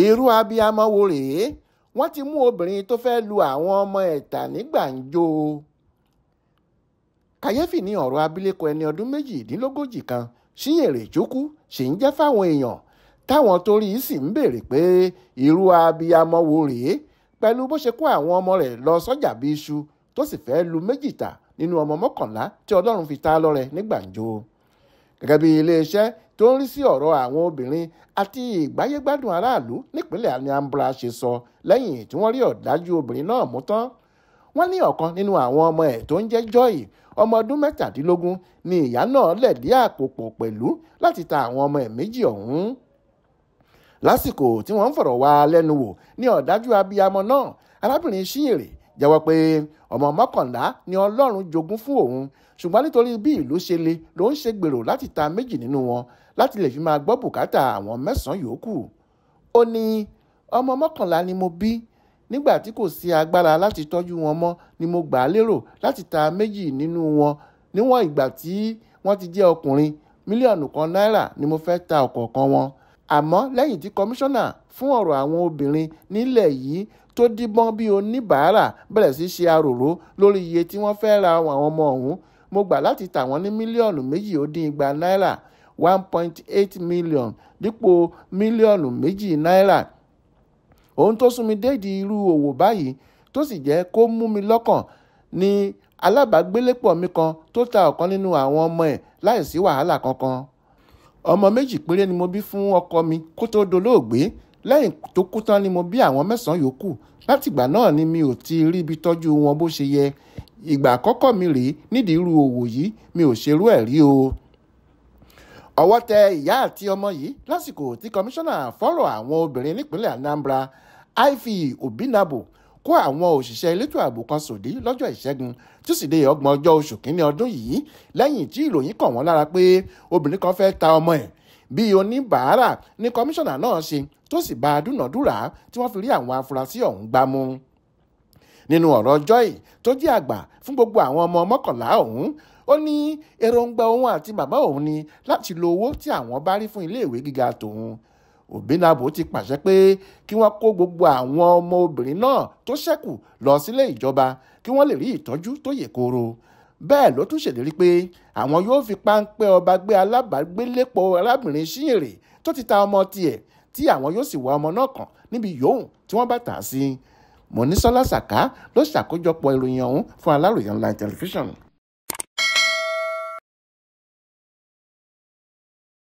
irú abiyamọ wo rèé wọ́n ti mú obìnrin tó fẹ́ lu àwọn ọmọ ẹ̀tà ní gbàǹjo kàyéfì ni ọ̀rọ̀ abilékọ ẹni ọdún méjìdínlógójì kan sí èrè jókú sì ń jẹ́ fáwọn èèyàn táwọn torí sì ń béèrè pé irú abiyamọ wo rèé pẹ̀lú bó ṣe kó àwọn ọmọ rẹ̀ lọ sọ́jà bí iṣu tó sì fẹ́ lu méjì tà nínú ọmọ mọ́kànlá tí ọlọ́run fi ta lọ́rẹ ní gbàǹjo gẹ́gẹ́ bí iléeṣẹ́ tó ń rí sí ọ̀rọ̀ àwọn obìnrin àti ìgbáyégbádùn aráàlú nípínlẹ̀ Anambra ṣe sọ lẹ́yìn tí wọ́n rí ọ̀dájú obìnrin náà mú tán wọ́n ní ọ̀kan nínú àwọn ọmọ ẹ̀ tó ń jẹ́ Joy ọmọ ọdún mẹ́tàdínlógún ni ìyá náà lẹ̀dí àpò pẹ̀lú láti ta àwọn ọmọ ẹ̀ méjì ọ̀hún lásìkò tí wọ́n ń fọ̀rọ̀ wá lẹ́nu wò ní ọ̀dájú abiyamọ náà arábìnrin Ṣíyèrè jẹ́wọ́ pé ọmọ mọ́kànlá ni ọlọ́run jogún fún òun ṣùgbọ́n nítorí bí ìlú ṣe le ló ń ṣe gbèrò láti ta méjì nínú wọn láti lè fi máa gbọ́ bùkátà àwọn mẹ́sàn-án yòókù ó ní ọmọ mọ́kànlá ni mo bí nígbà tí kò sí agbára láti tọ́jú wọn mọ́ ni mo gbà á lérò láti ta méjì nínú wọn níwọ̀n ìgbà tí wọ́n ti jẹ́ ọkùnrin mílíọ̀nù kan náírà ni mo fẹ́ ta ọ̀kọ̀ọ̀kan wọn àmọ́ lẹ́yìn tí kọmíṣánná fún ọ̀rọ̀ àwọn obìnrin nílẹ̀ yìí tó díbọ́n bí oníbàárà bẹ̀rẹ̀ sí ṣe àròró lórí iye tí wọ́n fẹ́ ra àwọn ọmọ ọ̀hún mo gbà láti tà wọ́n ní mílíọ̀nù méjì ó dín igba náírà one point eight million dípò mílíọ̀nù méjì náírà ohun tó sún mi déèdì irú òwò báyìí tó sì jẹ́ kó mú mi lọ́kàn ni alábàágbélépọ̀ mi kan tó ta ọ̀kan nínú àwọn ọmọ ẹ̀ láìsí wàhálà kankan ọmọ méjì péré ni mo bí fún ọkọ mi kó tó dolóògbé lẹ́yìn tó kú tán ni mo bí àwọn mẹ́sàn-án yòókù látìgbà náà ni mi ò ti rí ibi tọ́jú wọn bó ṣe yẹ ìgbà àkọ́kọ́ mi rèé nídìí irú òwò yìí mi ò ṣerú ẹ̀ rí o ọwọ́ tẹ ìyá àti ọmọ yìí lásìkò tí kọmíṣánná fọ́rọ̀ àwọn obìnrin nípínlẹ̀ Anambra Ife Obinabo kó àwọn òṣìṣẹ́ elétò ààbò kan sòdí lọ́jọ́ ìṣẹ́gun tíṣídẹ̀ẹ́ ọgbọ̀n ọjọ́ oṣù kínní ọdún yìí lẹ́yìn tí ìròyìn kàn wọ́n lára pé obìnrin kan fẹ́ ta ọmọ ẹ̀ bí oníbàárà ni kọmíṣánná náà ṣe tó sì bá a dúnàdúrà tí wọ́n fi rí àwọn afurasí ọ̀hún gbámú nínú ọ̀rọ̀ Joy tó jẹ́ àgbà fún gbogbo àwọn ọmọ mọ́kànlá ọ̀hún ó ní èròǹgbà òun àti bàbá òun ni láti lo owó tí àwọn bá rí fún iléèwé gíga tòun Obinabo ti pàṣẹ pé kí wọ́n kó gbogbo àwọn ọmọ obìnrin náà tó ṣẹ́kù lọ sílé ìjọba kí wọ́n lè rí ìtọ́jú tó yè kooro bẹ́ẹ̀ ló tún ṣèlérí pé àwọn yóò fi páńpẹ́ ọba gbé alábàágbélépọ̀ arábìnrin Ṣíyìnrè tó ti ta ọmọ tiẹ̀ tí àwọn yóò sì wá ọmọ náà kàn níbi yòówù tí wọ́n bá tà á sí. Mọ́nísọ́lá Sàká ló ṣàkójọpọ̀ ìròyìn ọ̀hún fún Aláròyé online television.